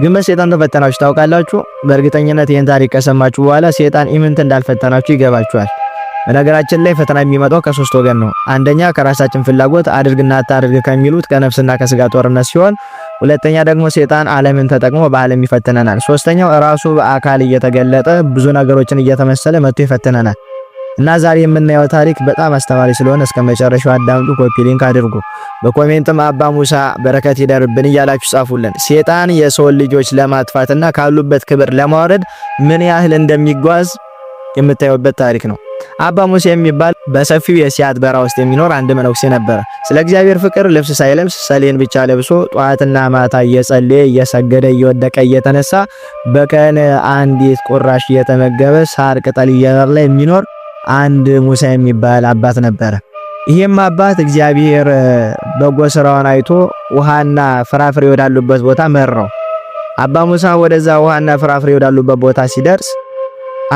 ግን በሰይጣን ተፈተናችሁ ታውቃላችሁ? በእርግጠኝነት ይህን ታሪክ ከሰማችሁ በኋላ ሰይጣን ኢምንት እንዳልፈተናችሁ ይገባችኋል። በነገራችን ላይ ፈተና የሚመጣው ከሶስት ወገን ነው። አንደኛ ከራሳችን ፍላጎት አድርግና አታድርግ ከሚሉት ከነፍስና ከስጋ ጦርነት ሲሆን፣ ሁለተኛ ደግሞ ሰይጣን ዓለምን ተጠቅሞ በዓለም ይፈትነናል። ሶስተኛው ራሱ በአካል እየተገለጠ ብዙ ነገሮችን እየተመሰለ መጥቶ ይፈትነናል። እና ዛሬ የምናየው ታሪክ በጣም አስተማሪ ስለሆነ እስከ መጨረሻው አዳምጡ። ኮፒ ሊንክ አድርጉ። በኮሜንትም አባ ሙሳ በረከት ይደርብን እያላችሁ ጻፉልን። ሴጣን የሰው ልጆች ለማጥፋትና ካሉበት ክብር ለማውረድ ምን ያህል እንደሚጓዝ የምታዩበት ታሪክ ነው። አባ ሙሴ የሚባል በሰፊው የሲያት በራ ውስጥ የሚኖር አንድ መነኩሴ ነበረ። ስለ እግዚአብሔር ፍቅር ልብስ ሳይለብስ ሰሌን ብቻ ለብሶ ጧትና ማታ እየጸለየ እየሰገደ እየወደቀ እየተነሳ በቀን አንዲት ቁራሽ እየተመገበ ሳር ቅጠል እየበላ የሚኖር አንድ ሙሳ የሚባል አባት ነበረ። ይህም አባት እግዚአብሔር በጎ ስራውን አይቶ ውሃና ፍራፍሬ ወዳሉበት ቦታ መራው። አባ ሙሳ ወደዛ ውሃና ፍራፍሬ ወዳሉበት ቦታ ሲደርስ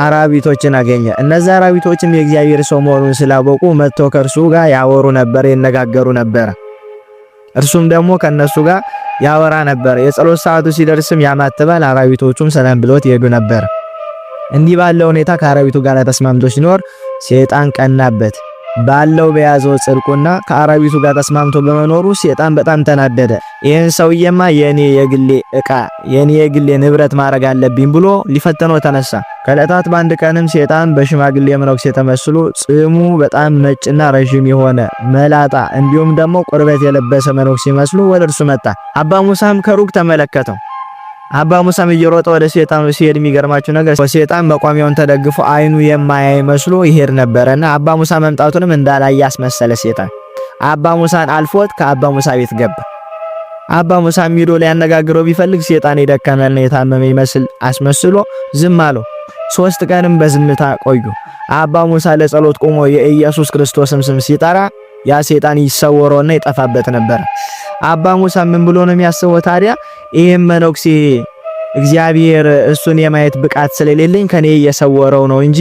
አራቢቶችን አገኘ። እነዛ አራቢቶችም የእግዚአብሔር ሰው መሆኑን ስላወቁ መጥቶ ከእርሱ ጋር ያወሩ ነበር፣ ይነጋገሩ ነበር። እርሱም ደግሞ ከነሱ ጋር ያወራ ነበር። የጸሎት ሰዓቱ ሲደርስም ያማትባል። አራቢቶቹም ሰላም ብሎት ይሄዱ ነበር። እንዲህ ባለው ሁኔታ ከአራዊቱ ጋር ተስማምቶ ሲኖር ሴጣን ቀናበት። ባለው በያዘው ጽድቁና ከአራዊቱ ጋር ተስማምቶ በመኖሩ ሴጣን በጣም ተናደደ። ይህን ሰውዬማ የኔ የግሌ እቃ የኔ የግሌ ንብረት ማድረግ አለብኝ ብሎ ሊፈተነው ተነሳ። ከዕለታት በአንድ ቀንም ሴጣን በሽማግሌ መነኩሴ ተመስሎ ጽሙ በጣም ነጭና ረዥም የሆነ መላጣ እንዲሁም ደግሞ ቁርበት የለበሰ መነኩሴ መስሎ ወደ እርሱ መጣ። አባ ሙሳም ከሩቅ ተመለከተው። አባ ሙሳም እየሮጠ ወደ ሰይጣን ሲሄድ የሚገርማችሁ ነገር ሰይጣን መቋሚያውን ተደግፎ አይኑ የማያይ መስሎ ይሄድ ነበረና አባ ሙሳ መምጣቱንም እንዳላየ አስመሰለ። ሰይጣን አባ ሙሳን አልፎት ከአባ ሙሳ ቤት ገባ። አባ ሙሳም ሄዶ ሊያነጋግረው ቢፈልግ ሰይጣን የደከመና የታመመ ይመስል አስመስሎ ዝም አለው። ሶስት ቀንም በዝምታ ቆዩ። አባ ሙሳ ለጸሎት ቆሞ የኢየሱስ ክርስቶስም ስም ሲጠራ ያ ሰይጣን ይሰወረውና ይጠፋበት ነበር። አባ ሙሳ ምን ብሎ ነው የሚያስበው ታዲያ? ይህም መነኩሴ እግዚአብሔር እሱን የማየት ብቃት ስለሌለኝ ከኔ እየሰወረው ነው እንጂ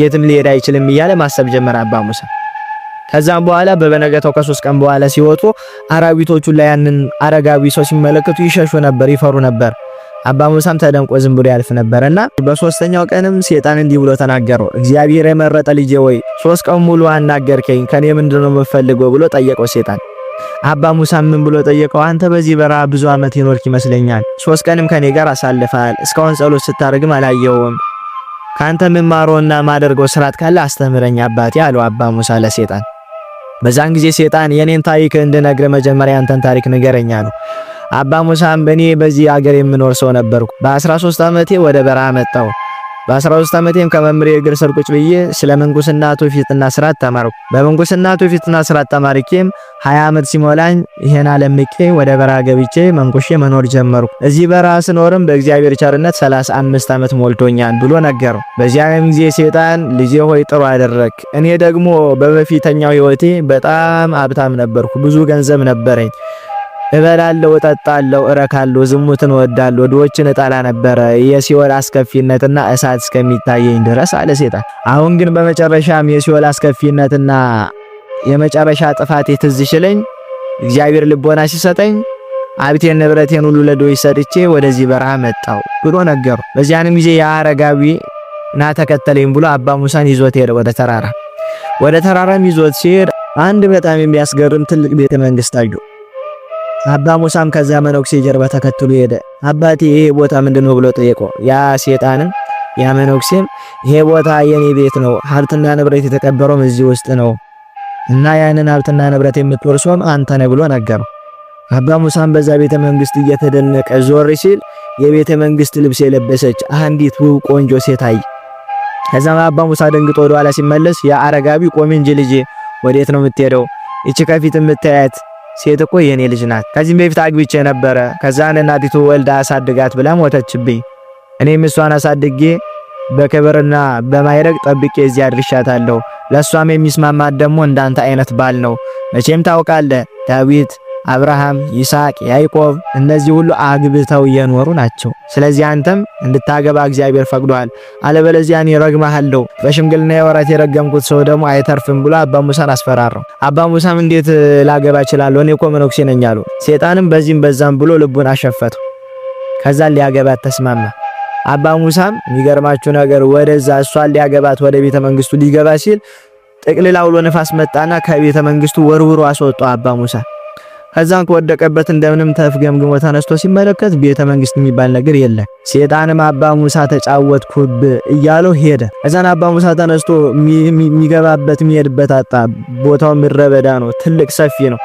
የትም ሊሄድ አይችልም እያለ ማሰብ ጀመረ አባ ሙሳ። ከዛም በኋላ በበነገተው ከሶስት ቀን በኋላ ሲወጡ አራዊቶቹ ላይ ያንን አረጋዊ ሰው ሲመለከቱ ይሸሹ ነበር፣ ይፈሩ ነበር። አባ ሙሳም ተደንቆ ዝም ብሎ ያልፍ ነበርና በሶስተኛው ቀንም ሰይጣን እንዲህ ብሎ ተናገረው። እግዚአብሔር የመረጠ ልጄ ወይ ሶስት ቀን ሙሉ አናገርከኝ ከኔ ምንድነው የምፈልገው ብሎ ጠየቀው ሰይጣን። አባ ሙሳ ምን ብሎ ጠየቀው? አንተ በዚህ በረሃ ብዙ ዓመት ይኖርክ ይመስለኛል። ሶስት ቀንም ከኔ ጋር አሳልፈሃል። እስካሁን ጸሎት ስታደርግም አላየውም። ካንተ ምማሮና ማደርገው ስርዓት ካለ አስተምረኝ አባቴ አለው አባ ሙሳ ለሴጣን። በዛን ጊዜ ሴጣን የኔን ታሪክ እንድነግር መጀመሪያ አንተን ታሪክ ንገረኛ ነው። አባ ሙሳም እኔ በዚህ አገር የምኖር ሰው ነበርኩ። በ13 ዓመቴ ወደ በረሃ መጣው በ13 ዓመቴም ከመምህሬ እግር ስር ቁጭ ብዬ ስለ ምንኩስና ትውፊትና ስርዓት ተማርኩ። በምንኩስና ትውፊትና ስርዓት ተማርኬም 20 ዓመት ሲሞላኝ ይሄን ዓለም ወደ በረሃ ገብቼ መንኩሼ መኖር ጀመርኩ። እዚህ በረሃ ስኖርም በእግዚአብሔር ቸርነት 35 ዓመት ሞልቶኛል ብሎ ነገረው። በዚያም ጊዜ ሰይጣን ልጄ ሆይ ጥሩ አደረክ፣ እኔ ደግሞ በበፊተኛው ህይወቴ በጣም አብታም ነበርኩ፣ ብዙ ገንዘብ ነበረኝ እበላለሁ፣ እጠጣለሁ፣ እረካለሁ፣ ዝሙትን እወዳለሁ፣ ድሆችን እጠላ ነበረ የሲኦል አስከፊነትና እሳት እስከሚታየኝ ድረስ አለ ሴጣን። አሁን ግን በመጨረሻም የሲኦል አስከፊነትና የመጨረሻ ጥፋት የትዝ እግዚአብሔር ልቦና ሲሰጠኝ ሀብቴን ንብረቴን ሁሉ ለድሆች ሰጥቼ ወደዚህ በረሃ መጣው ብሎ ነገሩ። በዚያንም ጊዜ ያ አረጋዊ ና ተከተለኝ ብሎ አባ ሙሳን ይዞት ሄደ ወደ ተራራ። ወደ ተራራም ይዞት ሲሄድ አንድ በጣም የሚያስገርም ትልቅ ቤተ መንግስት አየሁ። አባ ሙሳም ከዛ መነኩሴ ጀርባ ተከትሎ ሄደ። አባቴ ይሄ ቦታ ምንድነው ብሎ ጠየቆ። ያ ሴጣንም ያ መነኩሴም ይሄ ቦታ የኔ ቤት ነው፣ ሀብትና ንብረት የተቀበረውም እዚህ ውስጥ ነው እና ያንን ሀብትና ንብረት የምትወርሶም አንተ ነህ ብሎ ነገረው። አባ ሙሳም በዛ ቤተ መንግስት እየተደነቀ ዞር ሲል የቤተ መንግስት ልብስ የለበሰች አንዲት ውብ ቆንጆ ሴት አየ። ከዛም አባ ሙሳ ደንግጦ ወደ ኋላ ሲመለስ ያ አረጋቢ ቆሜ እንጂ ልጄ ወዴት ነው የምትሄደው? እቺ ከፊት የምታያት ሴት እኮ የኔ ልጅ ናት። ከዚህም በፊት አግብቼ ነበረ። ከዛን እናቲቱ ወልዳ አሳድጋት ብላ ሞተችብኝ። እኔም እሷን አሳድጌ በክብርና በማይረግ ጠብቄ እዚህ አድርሻታለሁ። ለእሷም የሚስማማት ደግሞ እንዳንተ አይነት ባል ነው። መቼም ታውቃለህ ዳዊት አብርሃም፣ ይስሐቅ፣ ያዕቆብ እነዚህ ሁሉ አግብተው የኖሩ ናቸው። ስለዚህ አንተም እንድታገባ እግዚአብሔር ፈቅዶሃል። አለበለዚያ እኔ ረግማሃለሁ። በሽምግልና የወራት የረገምኩት ሰው ደግሞ አይተርፍም ብሎ አባ ሙሳን አስፈራራው። አባ ሙሳም እንዴት ላገባ እችላለሁ? እኔ እኮ መነኩሴ ነኝ አሉ። ሴጣንም በዚህም በዛም ብሎ ልቡን አሸፈተው። ከዛ ሊያገባት ተስማማ። አባ ሙሳም የሚገርማችሁ ነገር ወደዛ እሷን ሊያገባት ወደ ቤተ መንግስቱ ሊገባ ሲል ጥቅልል አውሎ ነፋስ መጣና ከቤተ መንግስቱ ወርውሮ አስወጣው አባ ሙሳ ከዛን ከወደቀበት እንደምንም ተፍገምግሞ ተነስቶ ሲመለከት ቤተ መንግስት የሚባል ነገር የለም። ሴጣንም አባ ሙሳ ተጫወትኩብ እያለው ሄደ። እዛን አባ ሙሳ ተነስቶ የሚገባበት የሚሄድበት አጣ። ቦታው ምድረ በዳ ነው፣ ትልቅ ሰፊ ነው።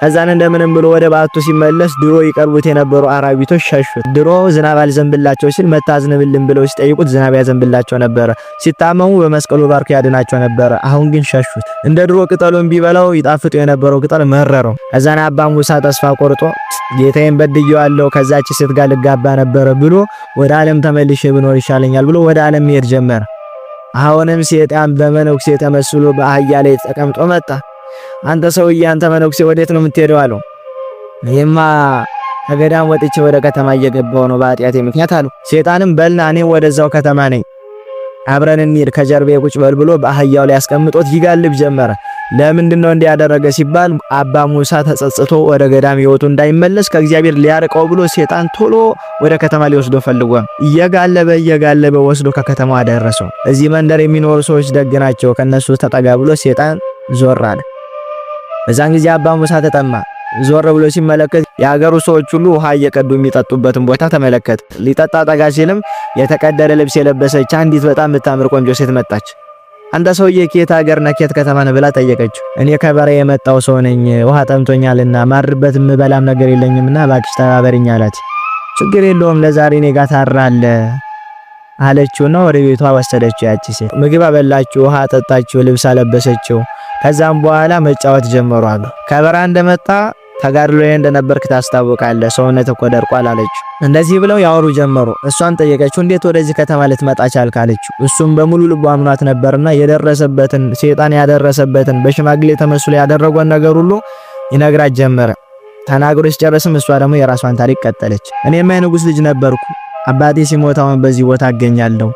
ከዛን እንደምንም ብሎ ወደ ባቱ ሲመለስ ድሮ ይቀርቡት የነበሩ አራቢቶች ሸሹት። ድሮ ዝናብ አልዘንብላቸው ሲል መታዝንብልን ብለው ሲጠይቁት ዝናብ ያዘንብላቸው ነበረ። ሲታመሙ በመስቀሉ ባርኩ ያድናቸው ነበረ። አሁን ግን ሸሹት። እንደ ድሮ ቅጠሉን ቢበላው ይጣፍጡ የነበረው ቅጠል መረረው። ከዛን አባ ሙሳ ተስፋ ቆርጦ ጌታዬን በድየዋለሁ ከዛች ሴት ጋር ልጋባ ነበረ ብሎ ወደ ዓለም ተመልሼ ብኖር ይሻለኛል ብሎ ወደ ዓለም መሄድ ጀመረ። አሁንም ሴጣን በመነኩሴ ተመስሎ በአህያ ላይ ተቀምጦ መጣ። አንተ ሰውዬ፣ አንተ መነኩሴ ወዴት ነው የምትሄደው? አሉ። ይህማ ከገዳም ወጥቼ ወደ ከተማ እየገባው ነው በኃጢአቴ ምክንያት አሉ። ሴጣንም በልና እኔ ወደዛው ከተማ ነኝ፣ አብረን እንሂድ፣ ከጀርቤ ቁጭ በል ብሎ በአህያው ላይ አስቀምጦት ይጋልብ ጀመረ። ለምንድን ነው እንዲያደረገ ሲባል አባ ሙሳ ተጸጽቶ ወደ ገዳም ህይወቱ እንዳይመለስ ከእግዚአብሔር ሊያርቀው ብሎ ሴጣን ቶሎ ወደ ከተማ ሊወስዶ ፈልጎ እየጋለበ እየጋለበ ወስዶ ከከተማው አደረሰው። እዚህ መንደር የሚኖሩ ሰዎች ደግ ናቸው፣ ከነሱ ተጠጋ ብሎ ሴጣን ዞር አለ። በዛን ጊዜ አባ ሙሳ ተጠማ። ዞር ብሎ ሲመለከት የሀገሩ ሰዎች ሁሉ ውሃ እየቀዱ የሚጠጡበትን ቦታ ተመለከተ። ሊጠጣ ጠጋ ሲልም የተቀደደ ልብስ የለበሰች አንዲት በጣም የምታምር ቆንጆ ሴት መጣች። አንተ ሰውዬ ከየት ሀገር ነህ? ከየት ከተማ ነህ? ብላ ጠየቀችው። እኔ ከበሬ የመጣው ሰው ነኝ፣ ውሃ ጠምቶኛልና ማርበት የምበላም ነገር የለኝምና እባክሽ ተባበሪኝ አላት። ችግር የለውም ለዛሬ እኔ ጋር ታድራለህ አለችውና ወደ ቤቷ ወሰደችው። ያቺ ሴት ምግብ አበላችው፣ ውሃ አጠጣችው፣ ልብስ አለበሰችው። ከዛም በኋላ መጫወት ጀመሩ አሉ። ከበረሃ እንደመጣ ተጋድሎ እንደነበርክ ታስታውቃለህ፣ ሰውነት እኮ ደርቋል አለች። እንደዚህ ብለው ያወሩ ጀመሩ። እሷን ጠየቀችው፣ እንዴት ወደዚህ ከተማ ልትመጣ ቻልክ አለችው። እሱም በሙሉ ልቡ አምኗት ነበርና የደረሰበትን ሴጣን ያደረሰበትን በሽማግሌ ተመስሎ ያደረገውን ነገር ሁሉ ይነግራት ጀመረ። ተናግሮ ሲጨርስም እሷ ደግሞ የራሷን ታሪክ ቀጠለች። እኔማ የንጉሥ ልጅ ነበርኩ። አባቴ ሲሞት አሁን በዚህ ቦታ አገኛለሁ፣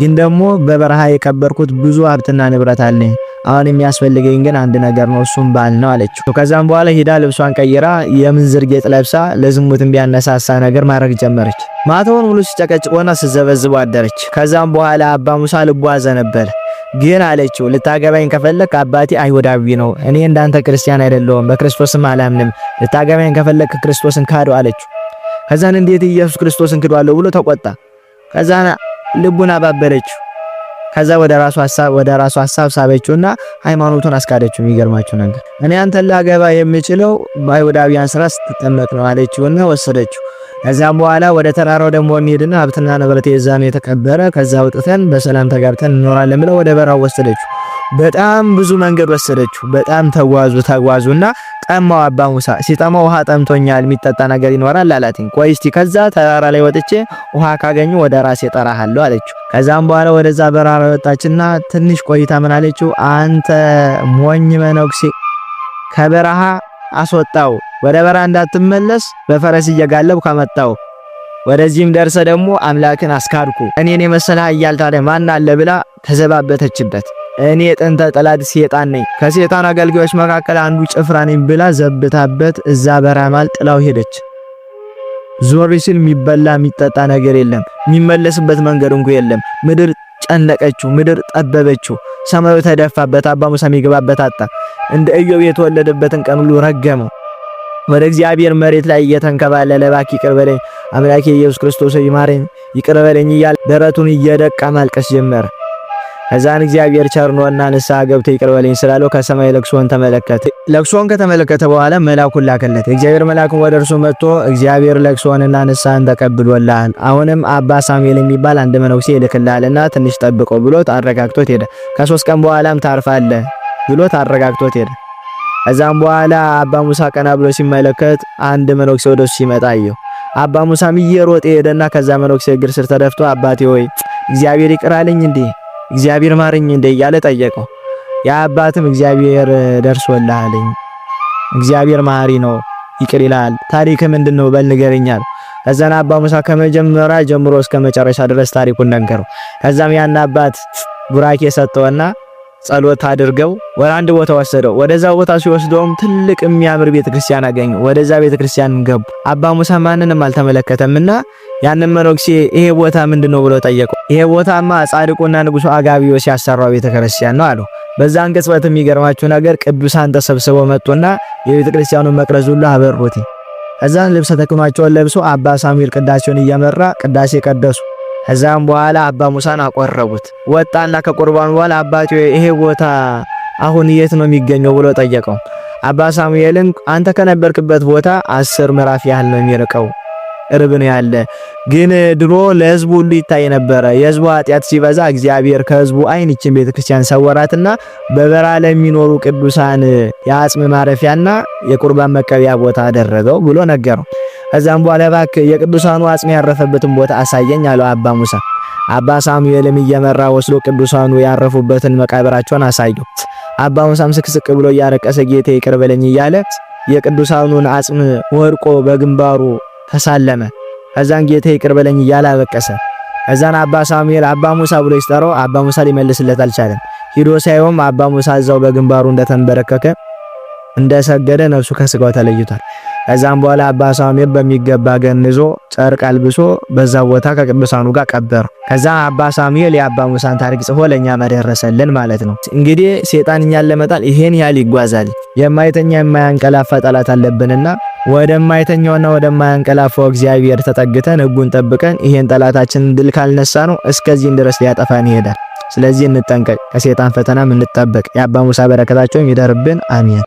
ግን ደግሞ በበረሃ የከበርኩት ብዙ ሀብትና ንብረት አለኝ አሁን የሚያስፈልገኝ ግን አንድ ነገር ነው፣ እሱም ባል ነው አለችው። ከዛም በኋላ ሂዳ ልብሷን ቀይራ የምንዝር ጌጥ ለብሳ ለዝሙት ቢያነሳሳ ነገር ማድረግ ጀመረች። ማታውን ሙሉ ሲጨቀጭቆና ስዘበዝበው አደረች። ከዛም በኋላ አባ ሙሳ ልቧ አዘነበለ። ግን አለችው ልታገባኝ ከፈለክ አባቴ አይሁዳዊ ነው፣ እኔ እንዳንተ ክርስቲያን አይደለሁም፣ በክርስቶስም አላምንም። ልታገባኝ ከፈለክ ክርስቶስን ካዶ አለችው። ከዛን እንዴት ኢየሱስ ክርስቶስን ክዶ አለው ብሎ ተቆጣ። ከዛን ልቡን አባበለችው። ከዛ ወደ ራሱ ሐሳብ ወደ ራሱ ሐሳብ ሳበችውና ሃይማኖቱን አስካደችው። የሚገርማችሁ ነገር እኔ አንተ ላገባ የምችለው በአይሁዳውያን ስራ ስትጠመቅ ነው አለችውና ወሰደችው። ከዛም በኋላ ወደ ተራራው ደግሞ እንሄድና ሀብትና ንብረት የዛን የተቀበረ ከዛ ወጥተን በሰላም ተጋብተን እንኖራለን ብለው ወደ በራው ወሰደችው። በጣም ብዙ መንገድ ወሰደችው። በጣም ተጓዙ ተጓዙና ጠማው አባ ሙሳ ሲጠማው ውሃ ጠምቶኛል የሚጠጣ ነገር ይኖራል አላትኝ። ቆይ እስቲ ከዛ ተራራ ላይ ወጥቼ ውሃ ካገኙ ወደ ራሴ ጠራሃለሁ አለችው። ከዛም በኋላ ወደዛ በራራ ወጣችና ትንሽ ቆይታ ምን አለችው? አንተ ሞኝ መነኩሴ ከበረሃ አስወጣው ወደ በረሃ እንዳትመለስ በፈረስ እየጋለብ ከመጣው ወደዚህም ደርሰ ደግሞ አምላክን አስካድኩ እኔን የመሰለ ኃያል ታዲያ ማን አለ ብላ ተዘባበተችበት። እኔ የጥንተ ጠላት ሴጣን ነኝ። ከሴጣን አገልጋዮች መካከል አንዱ ጭፍራ ነኝ ብላ ዘብታበት እዛ በራማል ጥላው ሄደች። ዞር ሲል የሚበላ የሚጠጣ ነገር የለም፣ የሚመለስበት መንገድ እንኳ የለም። ምድር ጨነቀችው፣ ምድር ጠበበችው፣ ሰማዩ ተደፋበት፣ አባ ሙሳ የሚገባበት አጣ። እንደ ኢዮብ የተወለደበትን ቀን ሁሉ ረገመው። ወደ እግዚአብሔር መሬት ላይ እየተንከባለለ እባክህ ይቅር በለኝ አምላኬ ኢየሱስ ክርስቶስ ይማረኝ፣ ይቅር በለኝ እያለ ደረቱን እየደቃ ማልቀስ ጀመረ። ከዛን እግዚአብሔር ቸር ነውና ንስሐ ገብቶ ይቅር በለኝ ስላለው ከሰማይ ለቅሶን ተመለከተ። ለቅሶን ከተመለከተ በኋላ መልአኩን ላከለት። እግዚአብሔር መልአኩን ወደ እርሱ መጥቶ እግዚአብሔር ለቅሶንና ንስሐን ተቀብሎልሃል፣ አሁንም አባ ሳሙኤል የሚባል አንድ መነኩሴ ይልክልሃልና ትንሽ ጠብቀው ብሎት አረጋግጦት ሄደ። ከሶስት ቀን በኋላም ታርፋለህ ብሎት አረጋግጦት ሄደ። ከዛም በኋላ አባ ሙሳ ቀና ብሎ ሲመለከት አንድ መነኩሴ ወደሱ ሲመጣ አየው። አባ ሙሳም እየሮጠ ሄደና ከዛ መነኩሴ እግር ስር ተደፍቶ አባቴ ሆይ እግዚአብሔር ይቅር አለኝ እንዴ እግዚአብሔር ማረኝ እንደ እያለ ጠየቀው። ያ አባትም እግዚአብሔር ደርሶልሃለኝ፣ እግዚአብሔር ማሪ ነው፣ ይቅር ይላል። ታሪክ ምንድን ነው በል ንገረኛል። ከዛን አባ ሙሳ ከመጀመሪያ ጀምሮ እስከ መጨረሻ ድረስ ታሪኩን ነገረው። ከዛም ያን አባት ቡራኬ ሰጠውና ጸሎት አድርገው ወደ አንድ ቦታ ወሰደው። ወደዛ ቦታ ሲወስደውም ትልቅ የሚያምር ቤተክርስቲያን አገኙ። ወደዛ ቤተክርስቲያን ገቡ። አባ ሙሳ ማንንም አልተመለከተምና ያንን መነኩሴ ይሄ ቦታ ምንድነው ብለው ጠየቀው። ይሄ ቦታማ ጻድቁና ንጉሱ አጋቢዮስ ያሰራው ቤተክርስቲያን ነው አሉ። በዛን ቅጽበት የሚገርማችሁ ነገር ቅዱሳን ተሰብስበው መጡና የቤተክርስቲያኑን መቅረዝ ሁሉ አበሩት። እዛን ልብሰ ተክህኗቸውን ለብሶ አባ ሳሙኤል ቅዳሴውን እየመራ ቅዳሴ ቀደሱ። ከዛም በኋላ አባ ሙሳን አቆረቡት። ወጣና ከቁርባን በኋላ አባቴ ይሄ ቦታ አሁን የት ነው የሚገኘው ብሎ ጠየቀው። አባ ሳሙኤልን አንተ ከነበርክበት ቦታ አስር ምዕራፍ ያህል ነው የሚርቀው ቅርብ ነው ያለ። ግን ድሮ ለህዝቡ ሁሉ ይታይ ነበረ። የህዝቡ ኃጢአት ሲበዛ እግዚአብሔር ከህዝቡ አይን ይችን ቤተ ክርስቲያን ሰወራትና በበራ ለሚኖሩ ቅዱሳን የአጽም ማረፊያና የቁርባን መቀበያ ቦታ አደረገው ብሎ ነገረው። እዛም በኋላ እባክህ የቅዱሳኑ አጽም ያረፈበትን ቦታ አሳየኝ አለው አባ ሙሳ። አባ ሳሙኤልም እየመራ ወስዶ ቅዱሳኑ ያረፉበትን መቃብራቸውን አሳየው። አባ ሙሳም ስቅስቅ ብሎ እያለቀሰ ጌታ ይቅር በለኝ እያለ የቅዱሳኑን አጽም ወድቆ በግንባሩ ተሳለመ። ከዛን ጌታ ይቅር በለኝ እያለ አለቀሰ። ከዛን አባ ሳሙኤል አባ ሙሳ ብሎ ይስጠረው አባ ሙሳ ሊመልስለት አልቻለም። ሂዶ ሳይሆን አባ ሙሳ እዛው በግንባሩ እንደተንበረከከ እንደሰገደ ነፍሱ ከስጋው ተለይቷል። ከዛም በኋላ አባ ሳሙኤል በሚገባ ገንዞ ጨርቅ አልብሶ በዛ ቦታ ከቅዱሳኑ ጋር ቀበረ። ከዛ አባ ሳሙኤል የአባ ሙሳን ታሪክ ጽፎ ለኛ መደረሰልን ማለት ነው። እንግዲህ ሴጣን እኛን ለመጣል ይሄን ያህል ይጓዛል። የማይተኛ የማያንቀላፋ ጠላት አለብንና ወደማይተኛውና ወደማያንቀላፋው እግዚአብሔር ተጠግተን ህጉን ጠብቀን ይሄን ጠላታችንን ድል ካልነሳ ነው እስከዚህን ድረስ ሊያጠፋን ይሄዳል። ስለዚህ እንጠንቀቅ፣ ከሰይጣን ፈተናም እንጠበቅ። የአባ ሙሳ በረከታቸውም ይደርብን። አሜን።